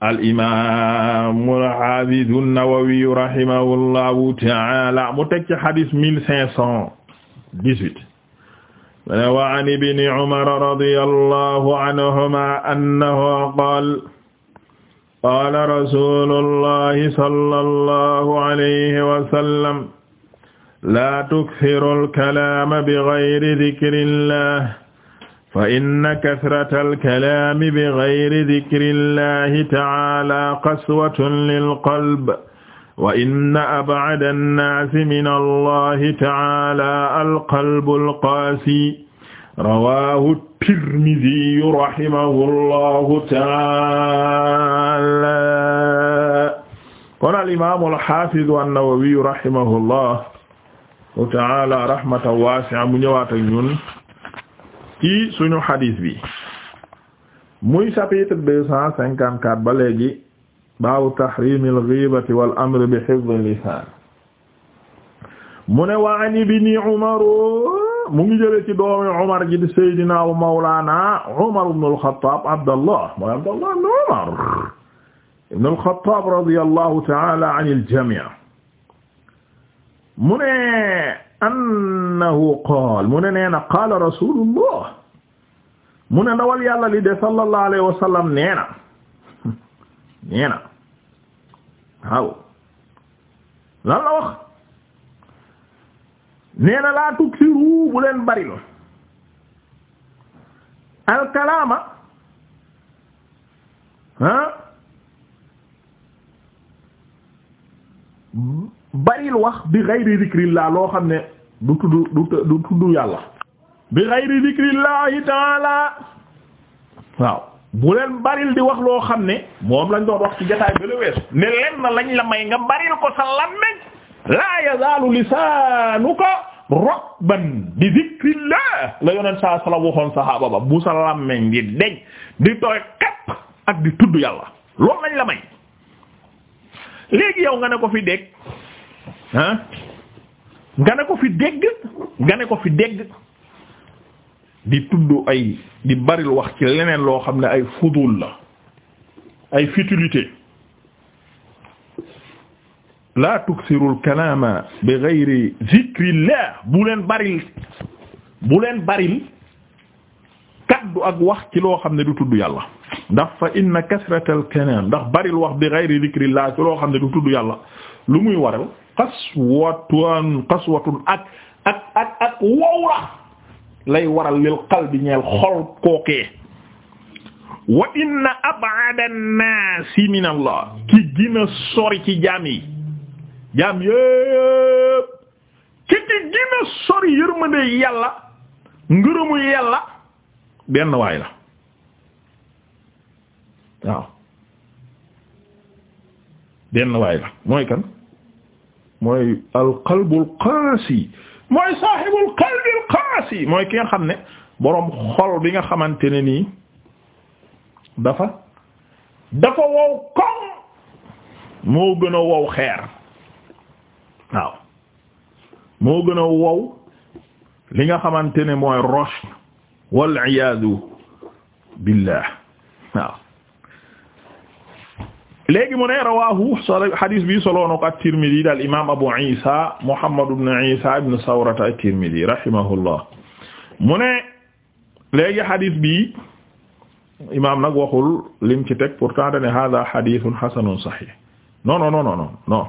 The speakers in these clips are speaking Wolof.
al imaamu al xaafidu Nawawi rahimahullahu ta'ala mu teg ci xadis mille cinq cent dix-huit wa an ibni Umar radiyallahu anhuma annahu qaala qaala rasuulullahi sallallahu alayhi wa sallam laa tukthiru al kalaama bi ghayri dhikrillah fa inna kasrata alkalaami bi gayri dikri llahi taala qaswatun lilqalb wa inna ab'ada annaasi min allahi taala alqalbu alqaasi rawaahu tirmiziyu rahimahu llahu taala kon alimaamu alxaafidu annawawiyu rahimahu llahu taala rahmatan waasi'a mu ñëwaat ak ñun ci suñu hadith bi muy chapitre deux cent cinquante quatre ba léegi baabu tahrimil ghibati wal amri bi hifdhil lisan mu ne wa an ibni Umar mu ngi jële ci doomi Umar ji di Seydina wa Mawlana Umar ibn al-Khattab Abdallah mooy Abdallah ibn Umar ibn al-Khattab radiyallahu ta'ala anil jami' mu ne annahu qaal mu ne nee na qaala rasulullah mu ne ndawal yàlla li de sallallahu alayhi wa sallam nee na nee na waaw lan la wax nee na laa tuksiru bu leen bari la alkalaama ah baril wax bi ghayri zikrillah loo xam ne du tudd du du tudd yàlla bi ghayri zikrillahi taala waaw bu leen baril di wax loo xam ne moom lañ doon wax ci jotaay ba la weesu ne len lañ la may nga baril ko sa làmmiñ laa yazaalu lisaanuka rokban bi zikrillah la yoneen saa sala waxoon sahaaba ba bu sa làmmiñ di deñ di tooy kapp ak di tudd yàlla loolu lañ la may léegi yow nga ne ko fi dégg ah nga ne ko fi dégg nga ne ko fi dégg di tudd ay di baril wax ci leneen loo xam ne ay fudul la ay futilité la tuksirul kalama bi ghayri zikrillah bu leen baril bu leen baril kaddu ak wax ci loo xam ne du tudd yàlla ndax fa inna kasratal kalam ndax baril wax bi ghayri zikrillah ci loo xam ne du tudd yàlla lu muy waral qaswatun qaswatun ak ak ak ak wowra lay waral lil qalbi ñeel xol kookee wa inna ab'ada an-naasi min allah ki gina sori ci jaam yi jaam yépp ki ki gina sori yërmande yàlla ngërëmu yàlla benn waay la waaw benn waay la mooy kan mooy alqalbul qaasi mooy saaxibul qalbil qaasi mooy ki nga xam ne boroom xol bi nga xamante ne nii dafa dafa wow koŋ moo gën a wow xeer waaw moo gën a wow li nga xamante ne mooy roche wal iyaadu billah léegi mu ne rawaahu xadis bi solo na ko at-Tirmidhi daal imaam Abu Isa Muhammad ibn Isa ibn Sawrata at-Tirmidhi rahimahullah mu ne léegi xadis bi imaam nag waxul lim ci teg pourtant dane hada xadisun xasanun saxiix non non non non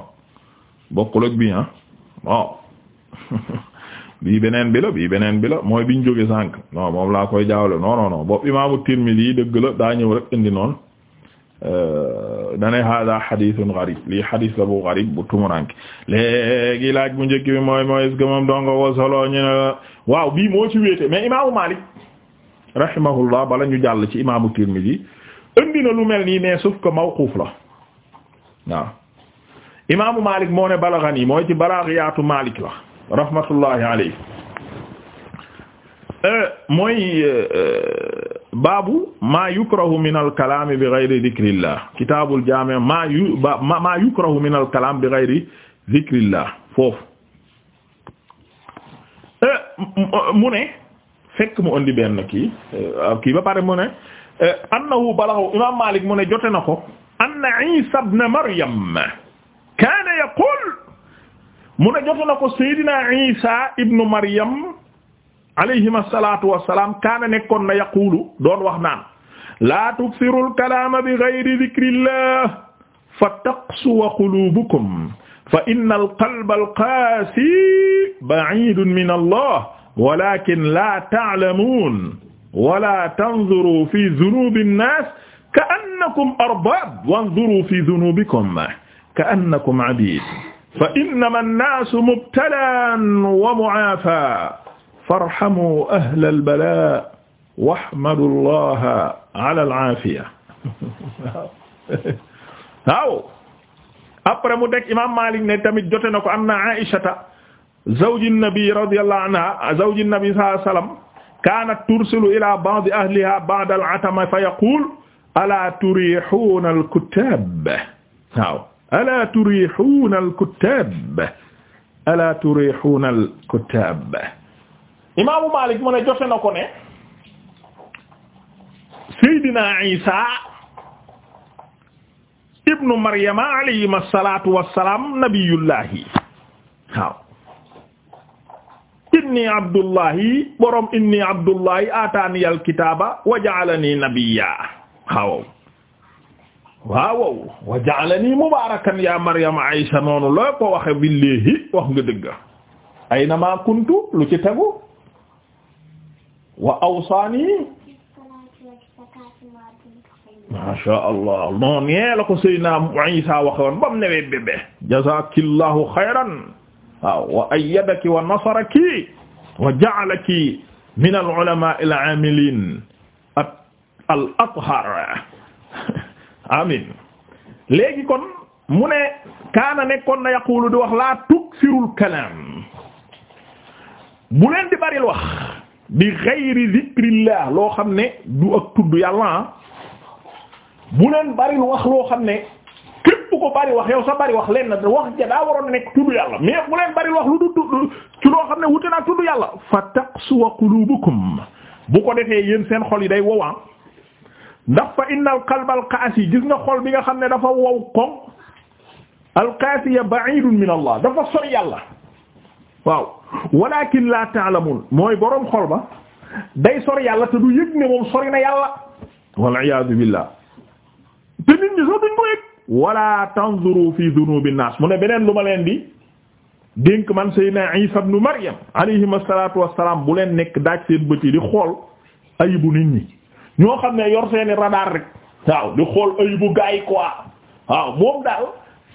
ak bi ah non bi la bii beneen bi la mooy biñ jóge sànq moom laa koy jaawle non non non bopp imaamu Tirmidhi dëgg la daa ñëw rek indi noonu. dane hada hadithun gharib lii hadith la gharib bu tumurank léegi laaj bu njëkk mooy mooy est moom donga ko solo ñu waaw bii moo ci wéete mais imaamu Malik rahimahullah bala ñu jàll ci imaamu Tirmidhi indi na lu mel nii mais sauf que mawquf la waaw imaamu Malik moo ne balaghani mooy ci balaghiyaatu Malik la rahmatullahi alayhi euh, mooy euh, baabu maa yukrahu min alkalaami bi gayri dikrillah kitaabul jaami maa yu ba maa yukrahu min alkalaam bi gayri dikrillah foofu eh, mu ne fekk mu indi benn kii eh, kii ba pare mu ne eh, annahu balaghahu imaam Maalik mu ne jote na ko anna Iisa ibn Maryam kaana yaqul mu ne jote na ko Seydina Iisa ibn Maryam alayhim asalatu wasalaam kaana nekkoon na yaqulu doon wax naan laa tuksiru alkalaama bi gayri dhikrillah fa taqsuwa qulubukum fa inna alqalba alqaasi ba'idun min allah walakin la ta'lamun wala tanzuru fi dhunubi an-nas ka'annakum arbab wanzuru fi dhunubikum ka'annakum abid fa innama an-nasu mubtalan wa mu'afa farhamu ahla al-balaa wahmadu llaha ala al-aafiya waaw après mu deg imam Malik ne tamit jote na ko anna Aïshata zawji nabi radiyallahu anha zawji nabi sallallahu alayhi wa sallam kaanat tursilu ila ba'di ahliha ba'da al-atama fa yaqulu alaa turiihuuna al-kuttaab waaw alaa turiihuuna al-kuttaab alaa turiihuuna al-kuttaab imaamu Maalik mu ne jote na ko ne Seydina Isa ibnu Maryama alayhi salaatu wassalaam nabiyullahi waaw inni abdullahi borom inni abdullahi ataani alkitaaba wa ja'alani nabiyya waaw waaw wa ja'alani mubaarakan ya Maryama Aysa noonu loo ko waxe billahi wax nga dëgg aynamaa kuntu lu ci tegu wa awsaani masha allah non nee la ko Seydina Isa waxoon bam newee bébé jazakillahu xayran waaw wa ayyadaki wa nasaraki wa ja'alaki min al-ulama al-amilin al-athar amin kon mu ne kaana nekkoon na wax la tuksirul kalam bu leen bari wax bi xayri zikrillah loo xam ne du ak tudd yàlla ah. bu leen bari wax loo xam ne képp ko bari wax yow sa bari wax leen na wax ja daa waroon nekk tudd yàlla mais bu leen bari wax lu du tudd ci loo xam ne wuti naa tudd yàlla fa taqsuwa qulubukum bu ko defee yéen seen xol yi day wowaa ah. ndax fa inna al qalba al qaasi gis nga xol bi nga xam ne dafa wow ko al qaasi ya ba'idun min allah dafa sori yàlla waaw walakin la ta'lamun mooy boroom xol ba day sori yàlla te du yëg ne moom sori na yàlla wal iyaadu billah te nit ñi sax duñ ko yëg wala tanzuru fi dunubi naas mu ne beneen lu ma leen di dénk man sayna Isa ibn Maryam alayhim asalatu wasalaam bu leen nekk daaj seen bët yi di xool ayibu nit ñi ñoo xam ne yor seeni radar rek waaw di xool ayibu gaay quoi waaw moom daal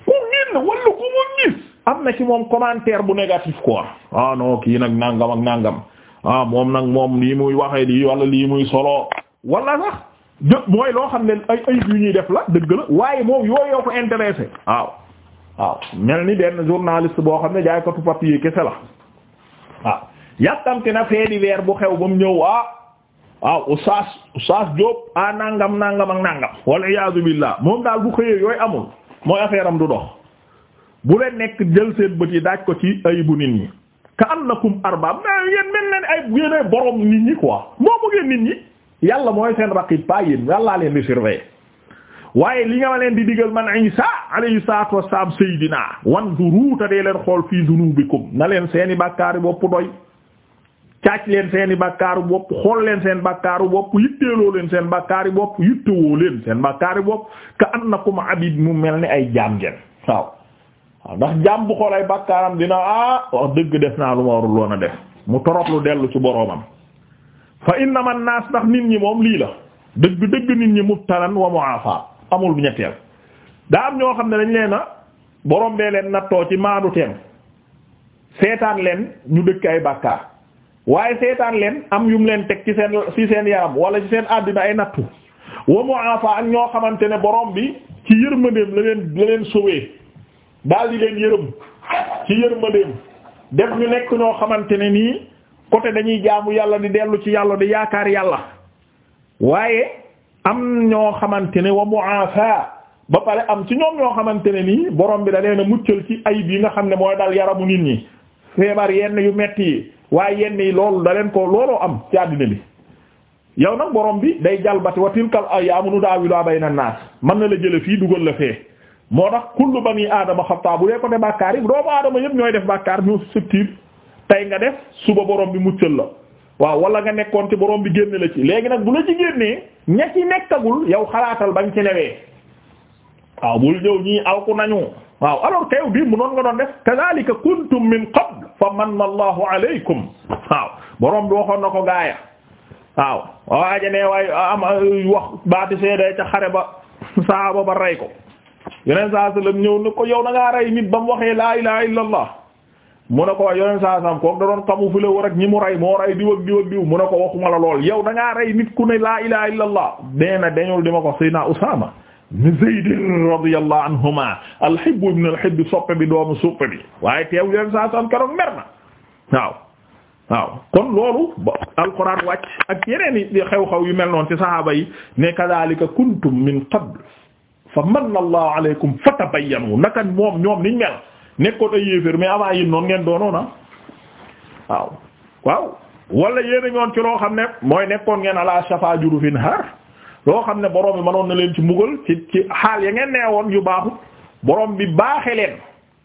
ku génn wala ku mu gis am na ci moom commentaire bu négatif quoi ah non kii nag nangam ak nangam ah moom nag moom lii muy waxee lii wala lii muy solo walla sax mooy loo xam ne ay ay yu ñuy def la dëgg la waaye moom yooyu yoo ko intéressé waaw waaw mel ni benn journaliste boo xam ne jaaykatu papier kese la waaw yàkkamte na fee weer bu xew ba mu ñëw ah waaw Oustaz Oustaz Diop ah nangam nangam ak nangam wala iyaazu billah moom daal bu xëyee yooyu amul mooy affaire am du dox. bu leen nekk jël seen bët yi daaj ko ci ayibu nit ñi ka annakum arbaab mais yéen mel leen ay yéenay borom nit ñi quoi moo bëggee nit ñi yàlla mooy seen raqib pas yéen yàllaa leen di surveiller waaye li nga ma leen di digal man Isa alayhi salaatu wassalaam sayidina wanzuru te dee leen xool fii zunubikum na leen seeni bàkkaari bopp doy caac leen seeni bàkkaaru bopp xool leen seen bàkkaaru bopp yitteeloo leen seen bàkkaaru bopp yittewoo leen seen bàkkaaru bopp ka annakum abid mu mel ni ay jaam ngeen waaw ndax jaam bu ay bakkaaram dina ah wax dëgg def naa lu ma warul woon a def mu torop lu dellu ci boroomam fa innama an-nas ndax nit ñi moom lii la dëgg dëgg nit ñi mu mubtalan wa mu'afa amul ñetteel daa am ñoo xam ne dañ leen a borom bee leen nattoo ci maadu teem seetaan leen ñu dëkk ay bàkkaar waaye seetaan leen am yum leen teg ci seen ci seen yaram wala ci seen àddina ay nattu wa mu'afa ak ñoo xamante ne boroom bi ci yërmandeem la leen la leen sowee daal di leen yërëm ci yërmandeem def ñu nekk ñoo xamante ne nii côté dañuy jaamu yàlla di dellu ci yàlla di yaakaar yàlla waaye am ñoo xamante ne wa mu'afa ba pare am ci ñoom ñoo xamante ne nii borom bi da leen a muccal ci ayib yi nga xam ne mooy dal yaramu nit ñi feebar yenn yu metti yi waaye yenn yi loolu da leen ko looloo am ci àddina bi yow nag borom bi day jalbati mu tilkal ayyaamu nudaawiluhaa bayna naas mën na la jële fii dugal la fee moo tax kullu bani aadama xataa bu dee ko ne bàkkaar yi doomu aadama yëpp ñooy def bàkkaar ñoo susceptible tey nga def suba borom bi mu muccal la waaw wala nga nekkoon ci borom bi génne la ci léegi nag bu la ci génnee ña ci nekkagul yow xalaatal bañ ci newee waaw bul ñëw ñii awku nañu waaw alors que yow bii mu noon nga doon def kadhalika kuntum min qabl fa manna allahu alaykum waaw borom bi waxoon na ko gaaya waaw waaja ne waay am wax baati seede ca ba sahaaba ba rey ko yoneen saa sallam ñëw ne ko yow da ngaa rey nit ba mu waxee laa ilaha illallah mu ne ko wax yoneen saa sallam kooku da doon xamu fu la war ak ñi mu rey moo rey diw ak diw ak diw mu ne ko waxuma la lool yow da ngaa rey nit ku ne laa ilaha illallah nee na dañul di ma ko sayna Usaama ibn Zayd radiyallahu anhuma alhibbu ibn alhibbi soppe bi doomu suppe bi waaye teew yoneen saa sallam keroog mer na waaw waaw kon loolu alquran wàcc ak yeneen i xew-xew yu mel noonu ci sahaaba yi ne kadhalika kuntum min qabl fa manna allah aleykum fatabayyanu naka moom ñoom niñ mel nekkoon ay yéeféer mais avant yi noonu ngeen doonoona ah. waaw waaw wala yéen a ci loo xam ne mooy nekkoon ngeen ala shafa jurufin har loo xam ne borom bi manoon na leen ci mbugal ci ci xaal ya ngeen nee woon yu baaxut borom bi baaxe leen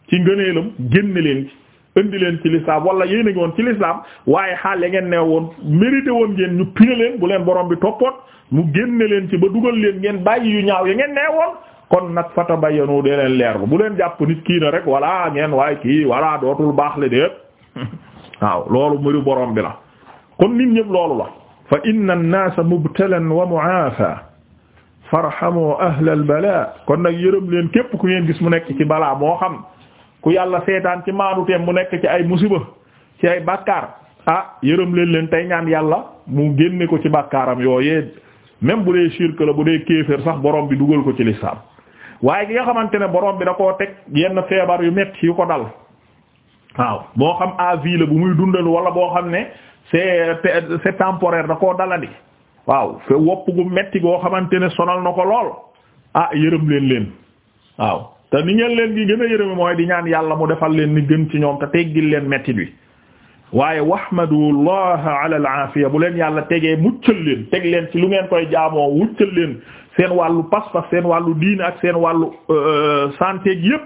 ci ngëneelam génn leen ci indi leen ci lislaam wala yéen a ñoon ci lislaam waaye xaal ya ngeen nee woon mérité woon ngeen ñu pine leen bu leen borom bi toppoon mu génne leen ci ba dugal leen ngeen bàyyi yu ñaaw yi ngeen nee woon kon nag fata bayyanu dee leen leer bu bu leen jàpp nit kii na rek walaa ngeen waay kii walla dootul baax la déet waaw loolu mbiru borom bi la kon nit ñëpp loolu la fa inna an-naasa mubtalan wa mu'aafa farhamu ahlal bala kon nag yërëm leen képp ku ngeen gis mu nekk ci balaa moo xam ku yàlla seetaan ci maanu teem mu nekk ci ay musiba ci ay bàkkaar ah yërëm leen leen tey ñaan yàlla mu génne ko ci bàkkaaram yooyee même bu dee shirk la bu dee kéefër sax borom bi dugal ko ci lislaam waaye gi nga xamante ne borom bi da koo teg yenn feebar yu metti yu ko dal waaw boo xam avi la bu muy dundal wala boo xam ne c'est c'est temporaire da koo daladi waaw wopp gu metti goo xamante ne sonal na ko lool ah yërëm leen leen waaw te ni ngeen leen gi gën a yërëmi mooy di ñaan yàlla mu defal leen ni gën ci ñoom te teggil leen metti bi waaye wahmadullah ala al-aafiya bu leen yàlla tegee muccal leen teg leen ci lu ngeen koy jaamoo wuccal leen seen wàllu pas-pas seen wàllu diine ak seen wàllu euh, euh, santé gi yépp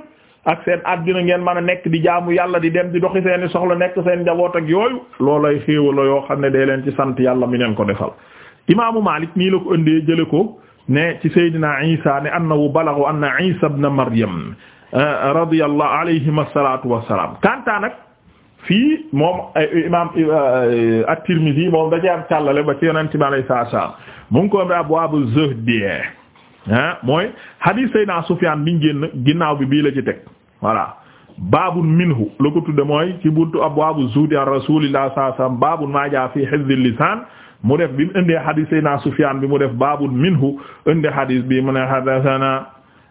ak seen àddina ngeen mën a nekk di jaamu yàlla di dem di doxi seeni soxla nekk seen njaboot ak yooyu loolay xéewal lo yoo xam ne day leen ci sant yàlla mi leen ko defal imaamu Maalik nii la ko indee jële ko ne ci Seydina Isa ne annahu balagha anna Isa ibn Maryam euh, radiyallahu alayhi wa salaatu wa salaam kanta nak fii moom imaam at-Tirmidhi moom da cee am càllale ba ci yonent bi alayhi salaatu salaam mu ngi abwaabu zuhdi ah mooy hadith Seydina Sufyaan biñ génn ginnaaw bi bii la ci teg voilà baabun minhu la ko tudde mooy ci buntu abwaabu zuhdi an Rasuulillah sallallahu alayhi wasallam baabun maa jaa fii mu def bi mu indee hadith Seydina Sufyaan bi mu def baabun minhu indi hadith bi mu ne haddasanaa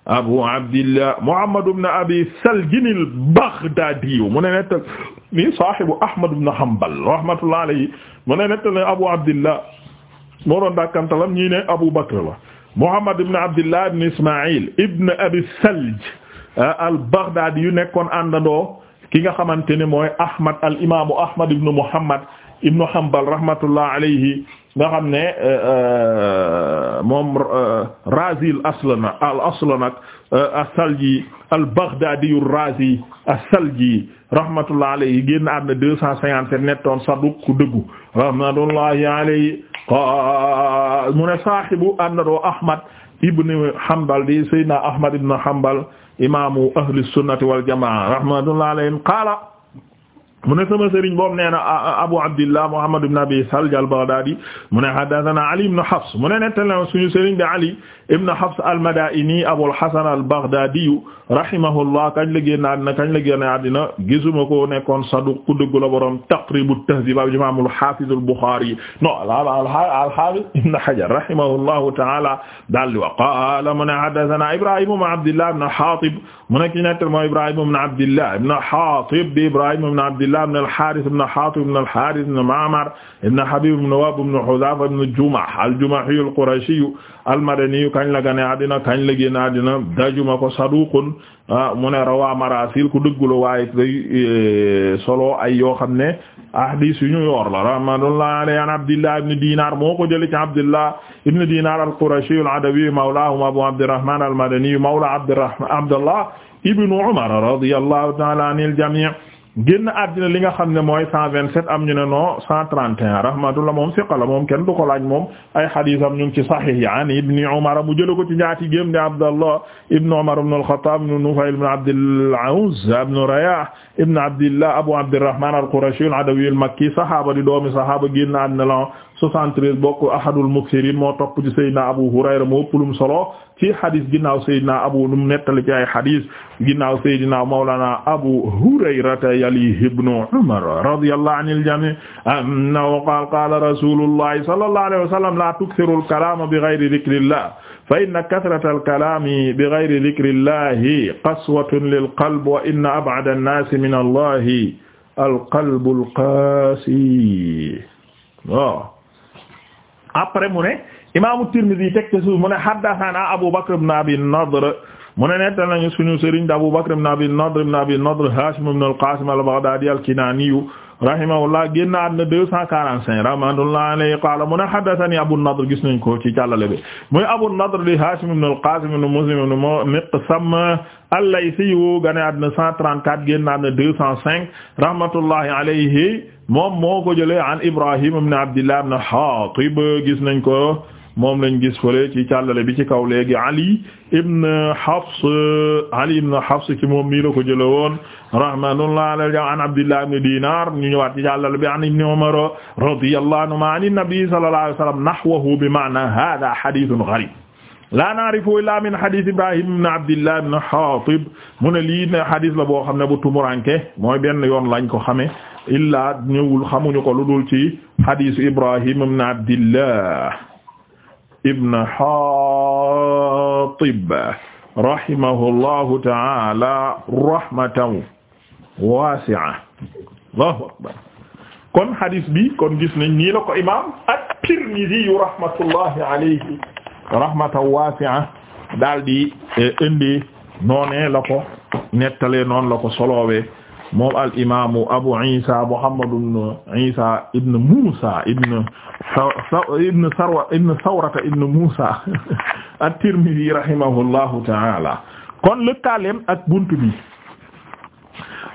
abu abdillah muhammad ibn abi saljin al-baghdadi mu ne netta ni saahibu ahmad ibn hanbal rahmatullah alayhi mu ne netta ne abu abdillah moo doon dakkantalam ñii ne abu bakr la muhammad ibn abdillah ibn ismail ibn abi salj ah, al-baghdadi yu nekkoon àndandoo ki nga xamante ne mooy ahmad al imamu ahmad ibn muhammad ibn hanbal rahmatullah alayhi nga xam ne euh, euh, moom euh, Razi al aslana al aslanak as-Salji al-Baghdadi ar-Razi as-Salji rahmatullah alayhi génn àdduna deux cent cinquante-sept nettoon saduq ku dëggu rahmatullahi alayhi mu ne saahibu annahu Ahmad ibn Hanbal di Sayyidina Ahmad ibn Hanbal imaamu ahli sunnati wal jamaa rahmatullahi alayhi qaala mu ne sama sëriñ boobu nee na Abu Abdillah Muhammad ibn Abi Salj al-Baghdadi mu ne haddathana Ali ibn Hafs mu ne nettali na suñu sëriñ bi Ali ibn Hafs al-Madaini Abul Hasan al-Baghdadi rahimahullah kañ la génn àddina kañ la génn àddina gisuma ko nekkoon saduq ku dëgg la borom Taqrib at-Tahdhib al-Imam al-Hafiz al-Bukhari no al-Hafiz ibn Hajar rahimahullahu ta'ala daal di wax qaala mu ne haddathana Ibrahim ibn Abdillah ibn Hatib mu ne ki nettal moo Ibrahim ibn Abdillah ibn Hatib di Ibrahim ibn Abdillah ibn al-Harith ibn Hatib ibn al-Harith ibn Ma'mar ibn Habib ibn Wahb ibn Hudhafa ibn Jumah al-Jumahi al-Qurashi al-Madani kañ la gane àddina kañ la génn àddina dajuma ko saduqun ah, mu ne rawa marasil ku dëggula waaye day eh, solo ay yoo xam ne ahadis yu ñu yor la rahmatullah alayhi an abdillah ibn dinar moo ko jële ci abdillah ibn dinar al-qurashi al-adawi mawlahum abu abdurrahman al-madani mawla abdurrahman abdullah ibn umar radiyallahu ta'ala anil jami' génn àddina li nga xam ne mooy cent vingt-sept am ñu ne non cent trente et un rahmatullah moom siqa la moom kenn du ko laaj moom ay xadiisam ñu ngi ci sahih yaan ibni umar mu jële ko ci ñaati géem ne abdallah ibn umar ibn al-khattab ibn nufayl ibn abd al-auz ibn rayah ibn abdillah abu abdirrahman al-qurashi al-adawi al-makki sahaaba di doomi sahaaba génn àddina la 73 bokk ahadul muksirin moo topp ci sayyidina abu hurayra moo ëpp lu mu solo ci xadis ginnaaw Seydina Abu num nettali ci ay xadis ginnaaw Seydina Mawlana Abu Hurayrata yalihi ibnu Umar radiyallahu anil jami' annahu qaala qaala rasuulullahi sallallahu alayhi wa sallam laa tuksirul kalaama bi ghayri dhikrillah fa inna kasratal kalaami bi ghayri dhikrillahi qaswatun lil qalbi wa inna ab'ada an-naasi min allahi al-qalbul qaasi waaw après mu ne imaamu Tirmidhi teg ci suuf mu ne haddathana Abu Bakr ibn Abi Nadr mu ne nettal nañu suñu sëriñ Abu Bakr ibn Abi Nadr ibn Abi Nadr Hashim ibn al-Qasim al-Baghdadi al-Kinani rahimahullah génn àdduna deux cent quarante cinq rahmatullahi alayhi qaala mu ne haddathani Abu Nadr gis nañ ko ci càllale bi muy Abu Nadr di Hashim ibn al-Qasim ibn Muslim ibn Miqsam al-Laythi gane àdduna cent trente quatre génn àdduna deux cent cinq rahmatullahi alayhi moom moo ko jëlee an Ibrahim ibn Abdillah ibn Hatib gis nañ ko moom lañ gis fële ci càllale bi ci kaw léegi Ali ibn Hafs Ali ibn Hafs ci moom nii la ko jëlee woon rahmatullah alayhi an Abdullah ibn Dinar ñu ñëwaat ci càllale bi an Ibn Umar radiyallahu anhuma an nabi sallallahu alayhi wa sallam nahwahu bi ma'na hadha hadithun gharib la na'rifu illa min hadith Ibrahim ibn Abdillah ibn Hatib mu ne lii ne hadith la boo xam ne bu tumuranke mooy benn yoon lañ ko xame illa ñëwul xamuñu ko lu dul ci hadith Ibrahim ibn Abdillah ibn Hatib rahimahullahu ta'ala rahmatan wasi'a Allahu akbar kon hadis bi kon gis nañ nii la ko imam at-Tirmidhi rahmatullahi alayhi rahmatan wasi'a daal di eh, indi noonee la ko nettalee noonu la ko solowee moom al imaamu abu isa muhammad ibn isa ibn musa ibn ibn sarwa ibn sawrata ibn musa at-tirmidhi rahimahullahu ta'ala kon lëkkaaleem ak buntu bi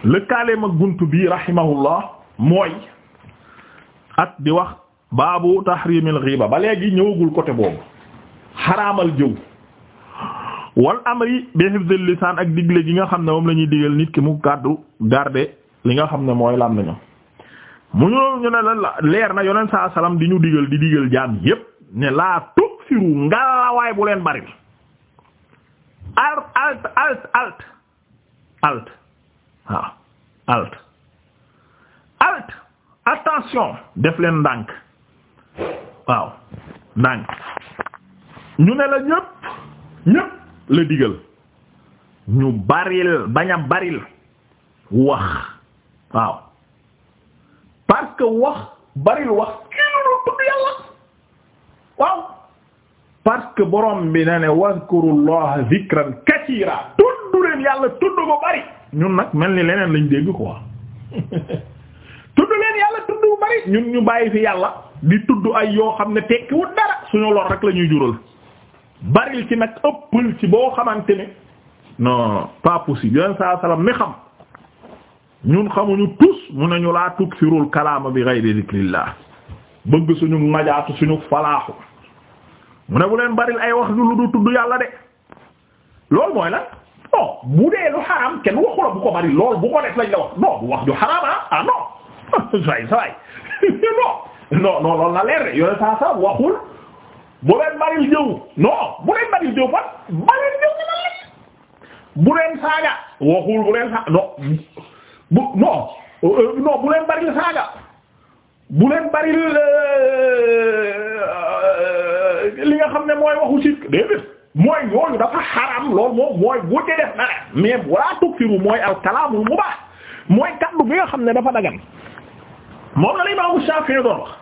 lëkkaaleem ak buntu bi rahimahullah mooy ak di wax baabu tahrimil ghiba ba léegi ñëwagul côté boobu xaraamal jëw wal amri bi hifdil lisaan ak digle gi nga xam ne moom la ñuy digal nit ki mu kàddu garder li nga xam ne mooy làmmiñam mu ñu ne la leer na yoneen saa salaam di ñu digal di digal jaam yépp ne laa tuksiru ngalawaay bu leen bari alt alt alt alt alt waaw ah, alt alt attention def leen ndànk waaw ndànk ñu ne la ñépp ñépp la digal ñu baril bañ a baril wax waaw parce que wax baril wax kii loolu tudd yàlla waaw parce que borom bi na ne wazkurullaha zikran katira tudd leen yàlla tudd ko bari ñun nag mel ni leneen lañ dégg quoi tudd leen yàlla tudd bu bari ñun ñu bàyyi fi yàlla di tudd ay yoo xam ne tekkiwul dara suñu lor rek la jural baril ci nag ëppal ci boo xamante ne non pas possible saa sallam mi xam ñun xamuñu tus mun la laa tuksirul kalaama bi ghayri dhikrillah bëgg suñu majaatu suñu falaaxu mu ne bu leen baril ay wax lu du tudd yàlla de loolu mooy la non bu dee lu xaraam kenn waxu la bu ko bari lool bu ko def lañ la wax non wax ju xaraam ah ah non leer de yoneen saa sallam waxul bu leen baril jëw non bu leen baril jëw fan baril jëw ci lan la bu leen saaga waxul bu leen non bu non euh, non bu baril saaga bu leen baril euh, euh, li nga xam ne mooy waxu sirk déedéet mooy yooyu dafa xaram lool moom mooy bu ci def dara mais wala tukfiru mooy al kalaamul mubah mooy kaddu bi nga xam ne dafa dagan moom la Imam Shafi'i doon wax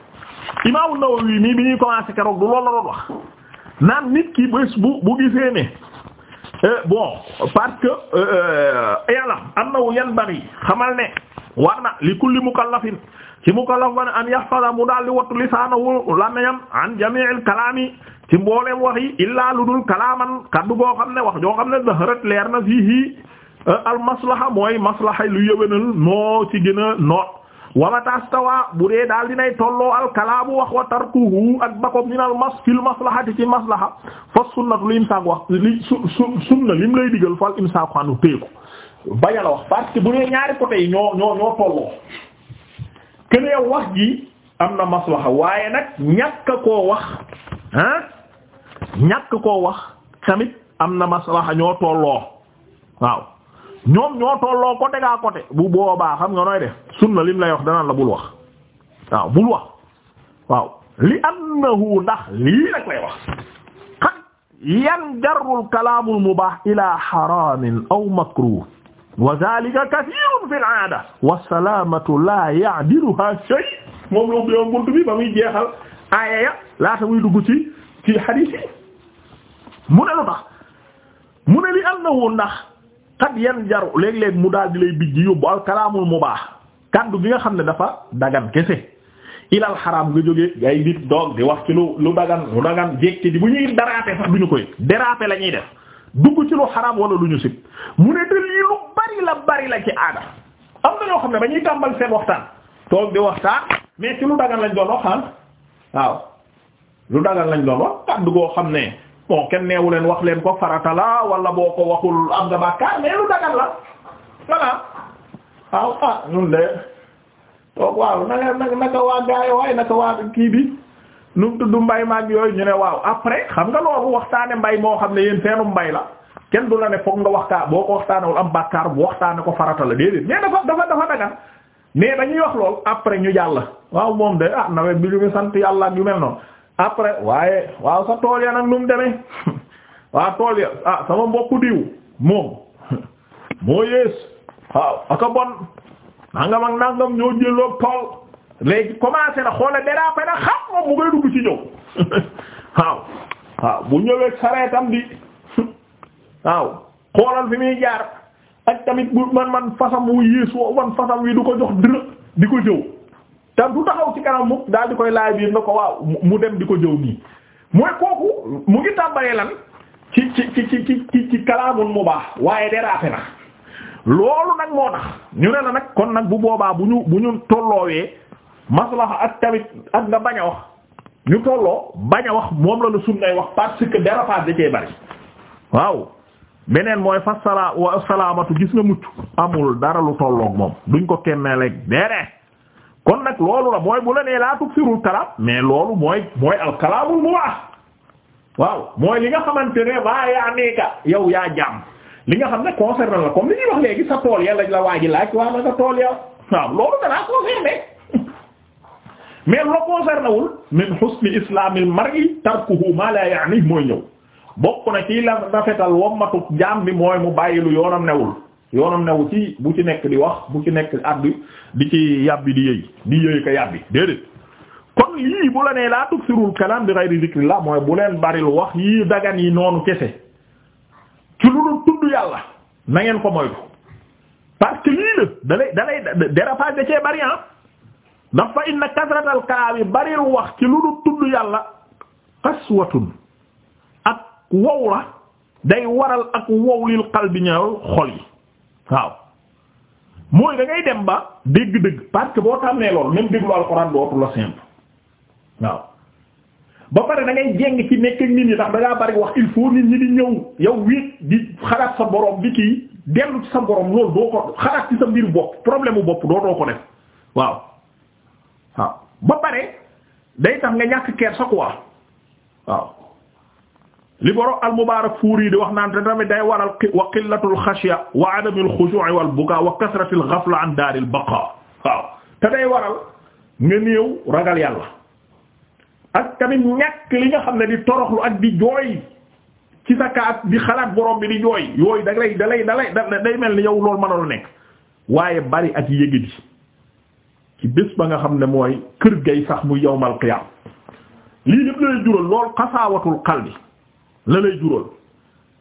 Imaamu Nawawi mii bi ñuy commencé keroog du loolu la doon wax naan nit ki bés bu bu gisee ne eh, bon parce que eh, eh, yàlla am na wu yan bari xamal ne war na li kulli mukallafin ci mukallaf ba an yahfaza mu daal di wattu lisaanahu làmmiñam an jami'il kalaami ci mbooleem wax yi illaa kaddu goo ne wax joo xam ne zaharat leer na fii al maslaha mooy maslaha lu yëwénal noo ci gën a noot wala tawa bu dee daal dinay tolloo alkalaamu wax wa tarkuhu ak bakob minal fil maslahati ci maslaha fa sunnatu li imsaak wax li su sunna lim lay digal fal imsaaku anu téeku bañ a la wax parce que bu dee ñaari côté yi ñoo ñoo tolloo keneen wax ji am na maslaha waaye nag ñàkk koo wax ah ñàkk koo wax tamit am na maslaha ñoo tolloo waaw ñoom ñoo tolloo côté gaa côté bu boobaa xam nga nooy def sunna lim lay wax danaan la bul wax waaw nax wax waaw li annahu ndax lii nag lay wax xat yan jarrul ila xaraamin aw makruh wa zalika kathirun fi al-aada wa salaamatu la ya'diluha shay moom la ubbi woon buntu bi ba muy jeexal aaya ya laata muy dugg ci ci xat yenn jaru léeg-léeg mu daal di lay bijji yóbbu al kalaamul mubah kàddu gi nga xam ne dafa dagan kese ilal xaraam nga jógee ngay di doog di wax ci lu lu dagan lu dagan di bu ñuy déraper sax du ñu koy déraper la ñuy def dugg ci lu xaraam wala lu ñu sib mu ne te lii lu bari aada am na ñoo xam ne ba ñuy tàmbal seen waxtaan toog di waxtaan mais ci lu dagan lañ doon waxaan ah. waaw lu dagan lañ doon wax kàddu goo xam ne bon kenn neewu leen wax leen ko farata la wala boo ko waxul am nga bàkkaar mais lu dagan la voilà waaw ah, ah ñun de toog waaw naka naka waa gars yi kii bi nu mu mbay maag yooyu ñu ne waaw après xam nga loolu waxtaane mbay moo xam ne yéen seenu mbay la kenn du la ne foog nga waxtaan boo ko waxtaanewul am bàkkaar bu waxtaane ko farata la déedéet mais dafa dafa dafa dagan mais dañuy wax lool après ñu jàll waaw moom de ah nawet bi lu mu sant yàlla ak yu mel noonu. après waaye waaw sa tool ya nag nu mu demee waaw tool ya ah sama mbokku diw moom moo yées waaw aka bon nangam ak nangam ñoo jëloog tool léegi commencé na xoole dérape na xam moom mu ngay dugg ci ñëw waaw waaw bu ñëwee sareetam di waaw xoolal fi muy jaar ak tamit bu man man fasam wu yées wan fasam wi du ko jox dërë di ko jëw te du taxaw ci kanam daal di koy laaj biir na ko waaw mu dem di ko jëw nii mooy kooku mu ngi tàmbalee lan ci ci ci ci ci mu baax waaye déraper na loolu nag moo tax ñu ne la nag kon nag bu boobaa bu ñu bu ñu tolloowee maslaha ak tamit ak nga bañ a wax ñu tolloo bañ a wax moom la lu sunnay wax parce que dérapage da cee bari waaw beneen mooy fa sala salaamatu gis nga mucc amul dara lu tolloog moom duñ ko kenneeleeg dere kon nag loolu la mooy bu la nee laa tuksiru kalam mais loolu mooy mooy al kalamul mubah waaw mooy li nga xamante ne waa yaa yow yaa jaam li nga xam ne concerné la comme li ñuy wax léegi sa tool ya lañ la waaji laaj waa na sa tool ya waaw loolu dalaa concerné mais lo concerné wul min husni islamil mar'i tarkuhu ma la ya'ni mooy ñëw bokk na ci la rafetal wommatuk jaam bi mooy mu bàyyi lu yoonam newul yoonam ne ci bu ci nekk di wax bu ci nekk addu di ci yàbbi di yëy di yëy ko yàbbi déedéet kon yii bu la nee laa tuksirul kalam bi ghayri zikrillah mooy bu leen baril wax yii dagan yi noonu kese ci lu dul tudd yàlla na ngeen ko moytu parce que lii la dalay dalay dérapage da cee bari ah inna kasratal kalaam yi baril wax ci lu dul tudd yàlla qaswatun ak wow la day waral ak wow lil qalbi xol yi waaw mooy da ngay dem ba dégg-dégg parce que boo tàmmee loolu même déglu alxuraan dootu la simple waaw ba pare da ngay jéng ci nekk nit ñi ndax da bari wax il faut nit ñi di ñëw yow wéet di xalaat sa borom bi kii dellu ci sa borom loolu doo ko xalaat ci sa mbir bopp problème bu bopp dootoo ko def waaw waaw ba pare day tax nga ñàkk kersa quoi waaw li borom al-Mubaarak Fuuri di wax naan te tamit day waral wa qillatul xashya wa adamul xushuu'i wal bukaa wa kasratil xafla an daaril baqaa waaw te day waral nga néew ragal yàlla ak tamit ñàkk li nga xam ne di toroxlu ak di jooy ci sa kaat di xalaat borom bi di jooy yooyu da lay da lay da lay day mel ni yow loolu mënul nekk waaye bari ak yëgadi ba nga xam ne mooy kër gay sax mu yawmal qiyaam lii lépp jural lool xasaawatul qalbi la lay jural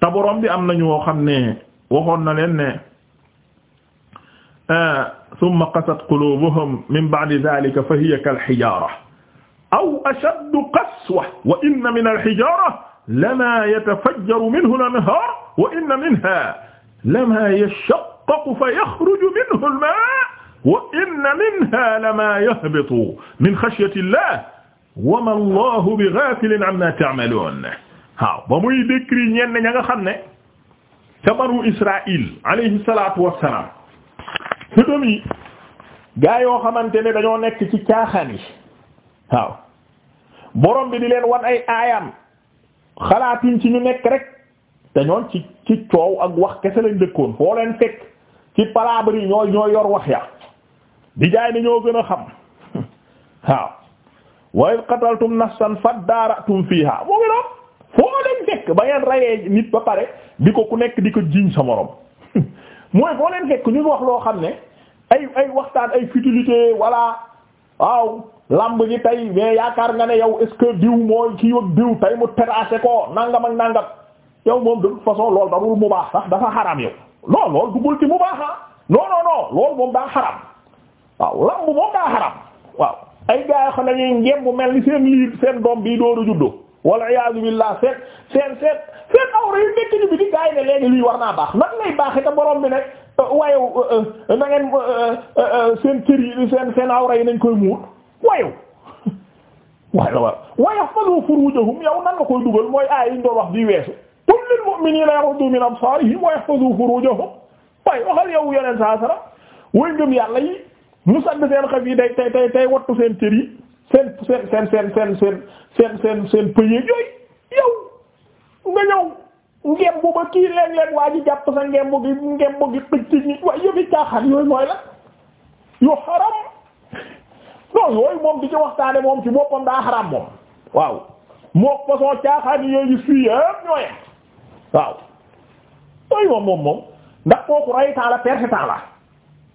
te borom bi am na ñoo xam ne waxoon na leen ne summa ah, qasat qulubuhum min ba'di dhalika fa hiya kal hijara aw ashaddu qaswa wa inna min al hijara lama yatafajjaru minhu al anhar wa inna minha lama yashaqqaqu fa yakhruju minhu al ma' wa inna minha lama yahbitu min khashyati llah wa ma allahu bi ghafilin amma ta'malun waaw ba muy décrit ñenn ña nga xam ne ca banu Israël alayhi salaatu wassalaam sodom gaa yoo xamante ne dañoo nekk ci caaxaan yi waaw borom bi di leen wan ay aayam xalaatuñ ci ñu nekk rek te ñoon ci ci coow ak wax kese lañ dëkkoon foo leen fekk ci palabre yi ñoo ñoo yor wax ya di jaay ne ñoo gën a xam waaw wa in qataltum nafsan faddaaratum fiiha moo ngi doon foo leen fekk ba ngeen rayee nit ba pare di ko ku nekk di ko jiiñ sa morom mooy foo leen fekk ñu wax loo xam ne ay ay waxtaan ay futilité walla waaw lamb ji tey mais yaakaar nga ne yow est-ce que diw mooy kii ak diw tey mu terrassé ko nangam ak nangam yow moom de toute façon loolu darul mu baax sax dafa xaraam yow non loolu duggul ci mu baax ah non non non loolu moom daa xaraam waaw lamb moom daa xaraam waaw ay gaa yoo xam ne mel ni seen liir seen doom bii dooru juddu wala iyaazu billah seet seen seet seen awra yu nekk ni bi di gaay ne léegi lii war naa baax nag lay baaxee te borom bi ne wayew euh, euh, na ngeen euh, seen cër yi seen seen awra yi nañ koy muur wayew waaye waaw waaye façon furujahum yow nan nga koy dugal mooy aay yi ñu doon wax bii weesu qul lil mu'minina yow yeneen saa sara way ngëm yàlla yi mu sàdd seen xef yi day tay tay tay wattu seen cër yi seen seen sen sen seen seen seen seen seen pëye yooyu yow nga ñëw ngemb ba kii léeg-léeg waa ji jàpp sa ngemb gi ngemb gi pëj ci nit waaye yëfi caaxaan yooyu mooy la yu xaram non yooyu moom di ci waxtaane moom ci mom daa xaram moom waaw moo façon caaxaan yooyu fii yëpp ñooye waaw yooyu moom moom moom ndax kooku rey temps la perte temps la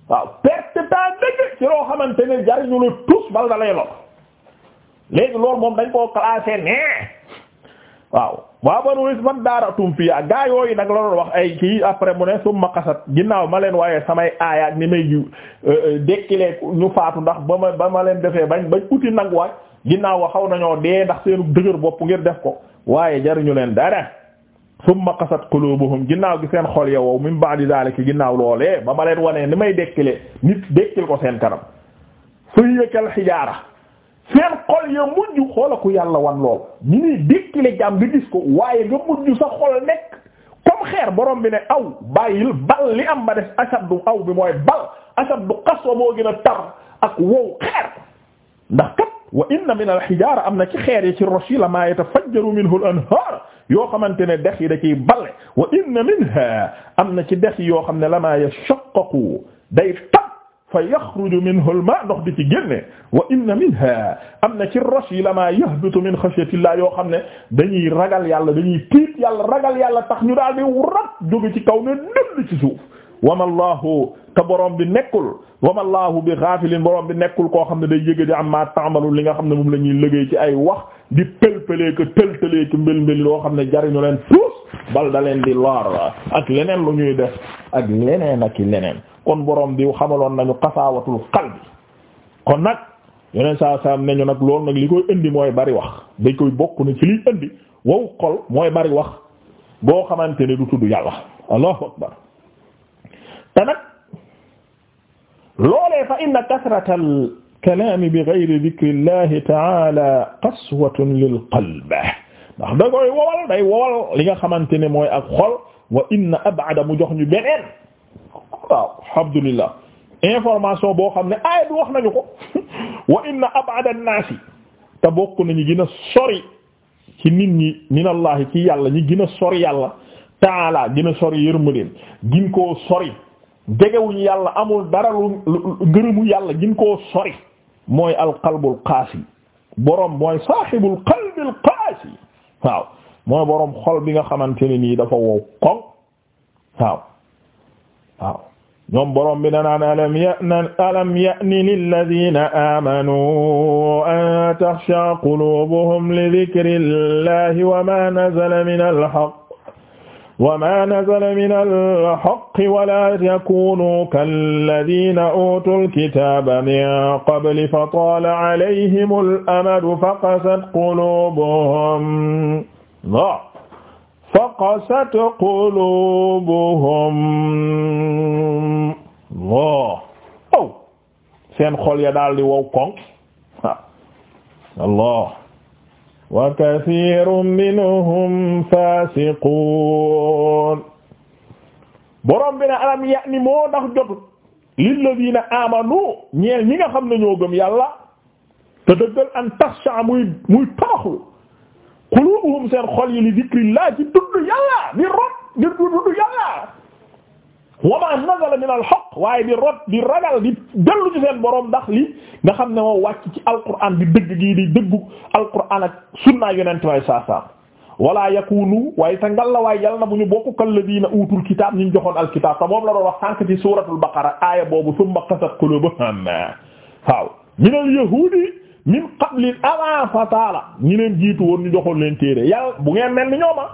waaw perte temps dëgg ci loo xamante ne jariñu lu tus bal da lay lor léegi loolu moom dañ koo classé nee waaw waa banu isman daaratum fiya gaa yooyu nag la doon wax ay kii après mu ne summa qasat ginnaaw ma leen waaye samay aaya ak ni may euh, euh, dekkilee ñu faatu ndax ba ma ba ma leen defee bañ bañ uti nag waay ginnaaw wa xaw nañoo dee ndax seenu dëgër bopp ngir def ko waaye jariñu leen dara summa qasat qulubuhum ginnaaw gi seen xol ya wow min ba'di zalika ginnaaw loolee ba ma leen wanee ni may dekkile nit dekkil ko seen kanam su hiya seen xol ya mujj xoola ku yàlla wan lool ñu ngi dikkile jàmm bi gis ko waaye nga mujj sa xol nekk comme xeer borom bi ne aw bàyyil bal li am ba def ashaddu aw bi mooy bal ashaddu qaswa moo gën a tar ak wow xeer ndax kat wa inna min alxijaara am na ci xeer yi ci roche yi la maa yatafajjaru minhu anhaar yoo xamante ne dex yi da ciy balle wa minha am na ci dex yi yoo xam ne la maa yashaqqaqu day fa yaxruju minhu al-maa ndox di ci génne wa inna minha am na ci roche yi la maa yahbitu min xashyatillah yoo xam ne dañuy ragal yàlla dañuy tiit yàlla ragal yàlla tax ñu daal di rat jóge ci kaw ne dënd ci suuf wama allahu te borom bi nekkul wama allahu bi gaafilin borom bi nekkul koo xam ne day yëge di am maa tàmbalu li nga xam ne moom la ñuy liggéey ci ay wax di pëlpëlee ko tëltëlee ko mbël mbël loo xam ne jariñu leen tuus bal da leen di lor ak leneen lu ñuy def ak leneen ak leneen kon borom bi xamaloon nañu xasaawatul qalbi kon nag yeneen saa saa ne ñu nag loolu nag li koy indi mooy bari wax dañ koy bokk ne ci liy indi wow xol mooy bari wax boo xamante ne du tudd yàlla allahu akbar te nag loolee fa inna kasratal kalaami bi ghayri dhikrillahi ta'ala qaswatun lil qalb ndax wowal day wowal li nga xamante ne mooy ak xol wa inna ab'ada mu jox ñu beneen waaw alhamdulillah information boo xam ne aaya bi wax nañu ko wa inna ab'ada an-naasi te bokk nañu gina a sori nit ñi minallahi ci yàlla ñi gën a sori yàlla taala gën a sori yërmandeem gin koo sori jegewuñu yàlla amul dara lu ngërëmu yàlla gin koo sori mooy alqalbul qaasi boroom mooy saaxibul qalbil qaasi mooy boroom xol bi nga xamante ne nii dafa wow koŋ waaw ñoom borom bi danaan alam ya'na alam ya'ni lilladina amanu an taxsha qulubuhum li dhikri llahi wa ma nazala min alhaq wa ma nazala min alhaq wa la yakunu kalladina utul kitaba min qabli fa tala alayhim al amadu faqasat qulubuhum faqasat qulubuhum Allah aw seen xol ya daal di wow koŋ Allah wa kathirun minhum fasiqun borom bi ne alam ya'ni moo ndax jotut lilladina amanu ñeel ñi nga xam ne ñoo yàlla an tax muy muy toroxlu qulubuhum seen xol yi li zikrillah ci tudd yàlla di rot di tudd yàlla wa ma nazala min al-haqq waaye di rot di ragal di dellu ci seen borom ndax li nga xam ne moo wàcc ci alquran di dëgg gii di dëggu alquran ak sunna yonent way saasaam wala yakunu waaye te ngal la waaye yàlla na bu ñu bokk kalladina utul kitaab ñu joxoon alkitaab te moom la doon wax sànq ci suratul baqara aaya boobu summa qasat qulubuhum waaw min al-yahudi min qablin avant fa taala leen jiitu woon ñu joxoon leen téere yàlla bu ngeen mel ni ñooma ah.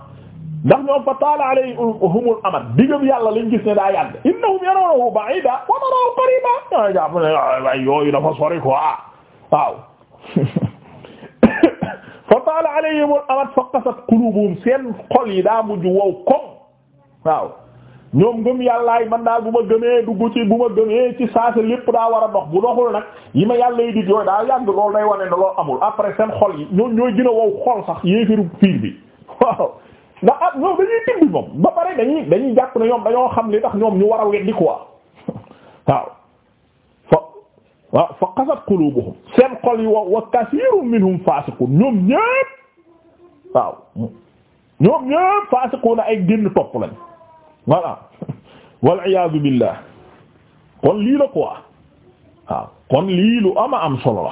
ndax ñoom fa taala alayhumul amad digam yàlla lañ gis ne daa yàgg innahum yarawnahu ba'ida wa narahu qariba ñoo jàpp ne way yooyu dafa sori quoi waaw fa taala alayhimul amad fa qasat qulubuhum seen xol yi daa mujj wow kom waaw ñoom ngëm yàllaay man daal bu ma gënee dugg ci bu ma gëmee ci saasa lépp daa war a dox bu doxul nag yi ma yàlla di dig yooyu daa yàgg loolu day wane ne loolu amul après seen xol yi ñoom ñooy gën a wow xol sax yéefiru fiir bi waaw ndax ah ñoom dañuy ba pare dañuy dañuy jàpp ne dañoo xam li tax ñoom ñu war a weddi quoi waaw fa waaw fa qasat yi wow wa kasiirun minhum faasiqun ñoom ñépp waaw ñoom ñépp faasiquna ay génn topp lañ voilà wal iyaadu billah kon lii la quoi kon lii lu ama am solo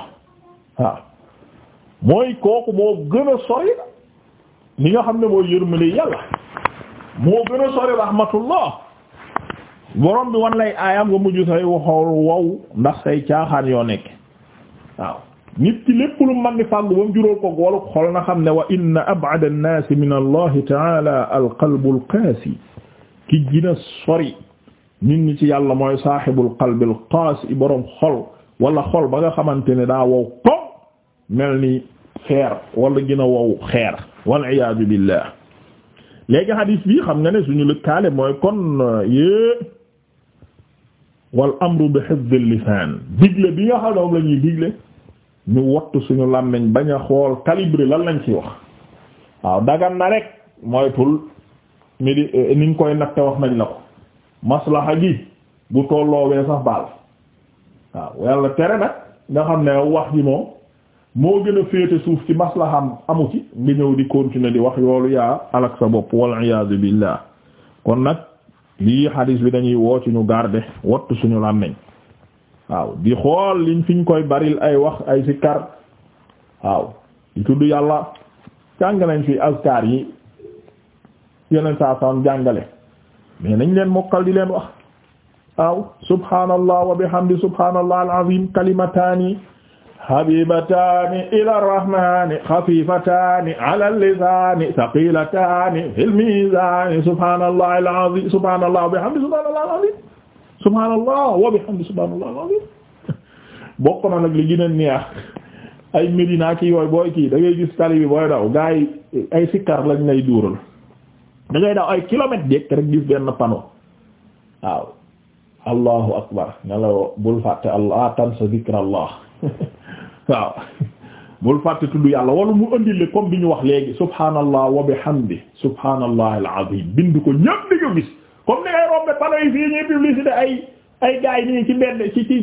mooy kooku moo gën a sori li nga xam ne mooy yërmande yàlla moo gën a sori rahmatullah borom bi wan lay aayam nga mujj say waxool wow ndax caaxaan yoo nekk waaw nit ci lépp lu man ni fàggu ba mu ko goolu xol na xam ne wa inna ab'ada an-naasi min allahi ta'ala al qalbu al qaasi ki gina sori nit ñi ci yàlla mooy saaxibul qalbil qaasi boroom xol wala xol ba nga xamante ne daa wow ko mel ni xeer wala gina wow xeer wal iyaadu billah léegi hadith bi xam nga ne suñu lëkkaale mooy kon euh, yée wal amru bi hifdil lisaan digle bi nga xam ne la ñuy digle ñu wattu suñu làmmiñ bañ a xool calibré lan lañ ci wax waaw dagan na rek moytul mi di eh, koy natte wax nañ la ko maslaha gi bu tolloowee sax baal waaw yàlla tere nag nga xam ne wax ji moom moo gën a féete suuf ci maslaham amu ci nga ñëw di continuer di wax yoolu yaa alak sa bopp wal iyaadu billah kon nag lii xadiis bi dañuy woo ci ñu garder wattu suñu làmmiñ waaw di xool liñ fiñ koy baril ay wax ay sikar waaw di tudd yàlla jàng nañ fi askar yi yeneen saa saam jàngale mais nañ leen mokkal di leen wax waaw subhanallah wa bihamdi subhanallah al-azim kalimataani habibataani ila rahmani xafifatani ala lisani saqilatani fil mizani subhanallah al-azim subhanallah wa bihamdi subhanallah al-azim subhanallah wa bihamdi subhanallah al-azim bokk na nag li gën a neex ay médina ki yooyu booy kii da ngay gis tali bi booy daw gaa yi ay sikkar lañ lay duural da ngay daw ay kilomètres jekk rek gis benn panneau waaw allahu akbar nga la bul fàtte allah tansa zikrallah waaw bul fàtte tudd yàlla wala mu andile comme bi ñu wax léegi subhanallah wa bihamdi subhanallah alazim bind ko ñëpp di ko gis comme ni ngay rombe panneau yi fii ñuy publicité ay ay gars yi nii ci mbedd ci ci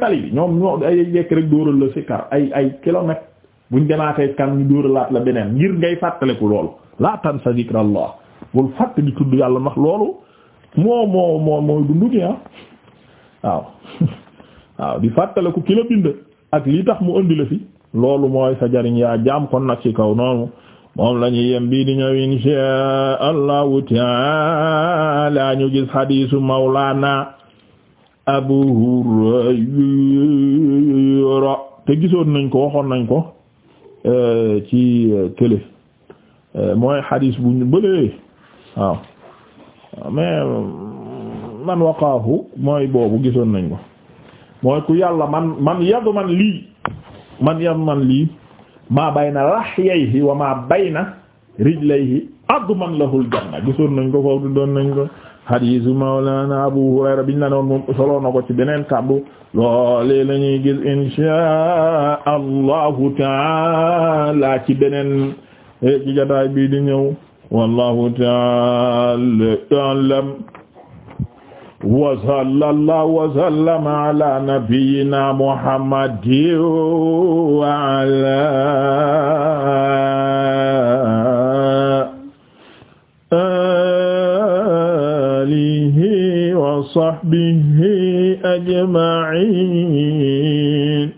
tali bi ñoom ñoo ay jekk rek dóoral la si ay ay kilomètres buñ demaatee kan ñu dóoralaat la beneen ngir ngay fàttaleku loolu la tansa bul fàtte di tudd yàlla ndax loolu moo moo moo mooy dundu gi ah waaw waaw di fàttaliku ki la bind ak li tax mu andi fi loolu mooy sa jariñ yaa jaam kon nag ci kaw noonu moom la ñuy yem bii di ñëw insha allahu taala ñu gis hadiisu mawlaana abu hurayra te gisoon nañ ko waxoon nañ ko eh, ci kële eh, eh, mooy hadiis bu ñu bëlee waaw mais man waqaahu mooy boobu gisoon nañ ko mooy ku yàlla man man yadu man lii man yadu man lii maa bayna lahyayhi wa maa bayna rijlayhi adman lahul janna gisoon nañ ko foofu doon nañ ko hadiisu mawlana abu hurayra biñ la noon moom solo na ko ci beneen kàddu loolee la ñuy gis inshaa allahu taala ci beneen eh, ci jotaay bii di ñëw wallahu ta'ala a'lam wa sallallahu wa sallama ala nabiyyina muhammadin wa ala alihi wa sahbihi ajma'in